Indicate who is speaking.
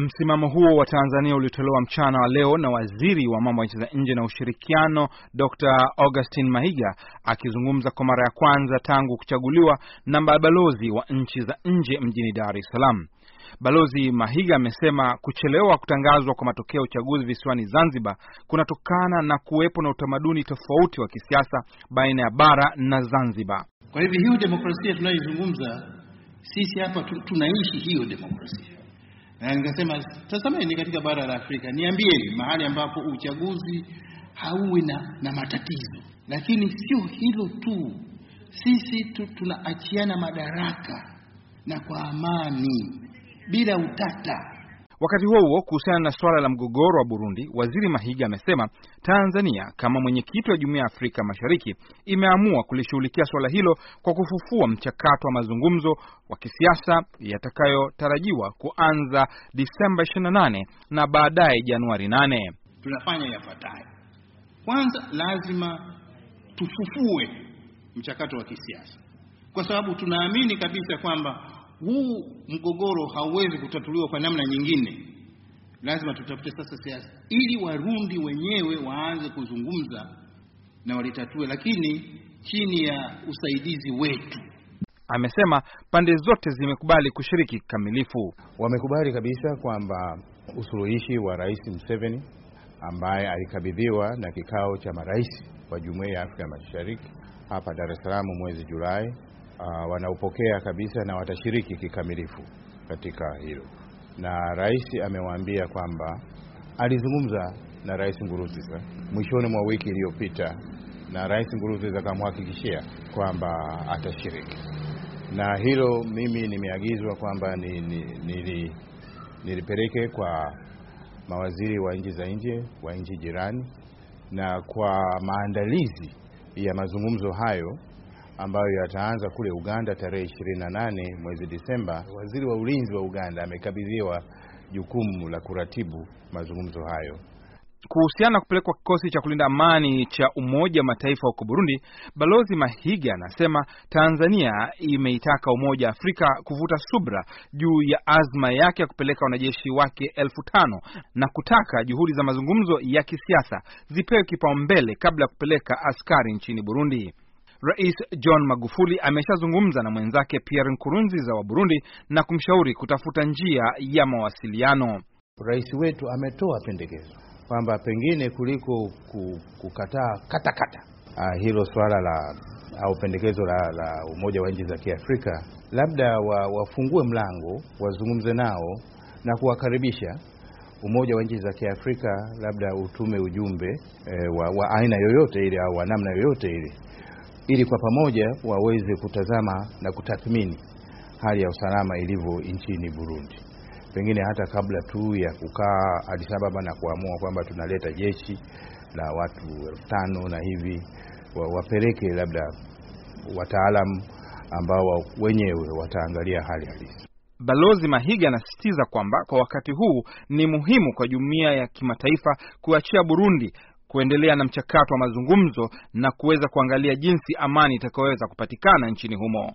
Speaker 1: Msimamo huo wa Tanzania uliotolewa mchana wa leo na waziri wa mambo ya nchi za nje na ushirikiano Dr. Augustin Mahiga akizungumza kwa mara ya kwanza tangu kuchaguliwa na mabalozi wa nchi za nje mjini Dar es Salaam. Balozi Mahiga amesema kuchelewa kutangazwa kwa matokeo ya uchaguzi visiwani Zanzibar kunatokana na kuwepo na utamaduni tofauti wa kisiasa baina ya bara na Zanzibar.
Speaker 2: Kwa hivyo hiyo demokrasia tunayoizungumza sisi hapa tunaishi hiyo demokrasia na nikasema tazameni, ni katika bara la Afrika, niambieni mahali ambapo uchaguzi hauwi na, na matatizo. Lakini sio hilo tu, sisi tu tunaachiana madaraka na kwa amani bila utata.
Speaker 1: Wakati huo huo, kuhusiana na suala la mgogoro wa Burundi, waziri Mahiga amesema Tanzania kama mwenyekiti wa jumuiya ya Afrika Mashariki imeamua kulishughulikia suala hilo kwa kufufua mchakato wa mazungumzo wa kisiasa yatakayotarajiwa kuanza Disemba 28 na baadaye Januari 8.
Speaker 2: Tunafanya yafuatayo: kwanza, lazima tufufue mchakato wa kisiasa kwa sababu tunaamini kabisa kwamba huu mgogoro hauwezi kutatuliwa kwa namna nyingine, lazima tutafute sasa siasa ili Warundi wenyewe waanze kuzungumza na walitatue, lakini chini ya usaidizi wetu.
Speaker 1: Amesema pande zote zimekubali kushiriki kikamilifu. Wamekubali kabisa
Speaker 3: kwamba usuluhishi wa Rais Museveni ambaye alikabidhiwa na kikao cha marais wa Jumuiya ya Afrika Mashariki hapa Dar es Salaam mwezi Julai Uh, wanaopokea kabisa na watashiriki kikamilifu katika hilo. Na rais amewaambia kwamba alizungumza na Rais Nguruziza mwishoni mwa wiki iliyopita, na Rais Nguruziza akamhakikishia kwamba atashiriki, na hilo mimi nimeagizwa kwamba ni, ni, ni, nilipeleke kwa mawaziri wa nchi za nje wa nchi jirani na kwa maandalizi ya mazungumzo hayo ambayo yataanza kule Uganda tarehe 28 mwezi Disemba. Waziri wa ulinzi wa Uganda amekabidhiwa
Speaker 1: jukumu la kuratibu mazungumzo hayo. Kuhusiana na kupelekwa kikosi cha kulinda amani cha Umoja wa Mataifa huko Burundi, Balozi Mahiga anasema Tanzania imeitaka Umoja wa Afrika kuvuta subra juu ya azma yake ya kupeleka wanajeshi wake elfu tano na kutaka juhudi za mazungumzo ya kisiasa zipewe kipaumbele kabla ya kupeleka askari nchini Burundi. Rais John Magufuli ameshazungumza na mwenzake Pierre Nkurunziza wa Burundi na kumshauri kutafuta njia ya mawasiliano. Rais wetu ametoa pendekezo kwamba pengine kuliko
Speaker 3: kukataa katakata ah, hilo swala la au pendekezo la, la Umoja wa Nchi za Kiafrika, labda wa, wafungue mlango wazungumze nao na kuwakaribisha Umoja wa Nchi za Kiafrika, labda utume ujumbe e, wa, wa aina yoyote ile au wa namna yoyote ile ili kwa pamoja waweze kutazama na kutathmini hali ya usalama ilivyo nchini Burundi, pengine hata kabla tu ya kukaa Addis Ababa na kuamua kwamba tunaleta jeshi la watu elfu tano na hivi, wapeleke labda wataalamu ambao wenyewe wataangalia hali halisi.
Speaker 1: Balozi Mahiga anasisitiza kwamba kwa wakati huu ni muhimu kwa jumuiya ya kimataifa kuachia Burundi kuendelea na mchakato wa mazungumzo na kuweza kuangalia jinsi amani itakayoweza kupatikana nchini humo.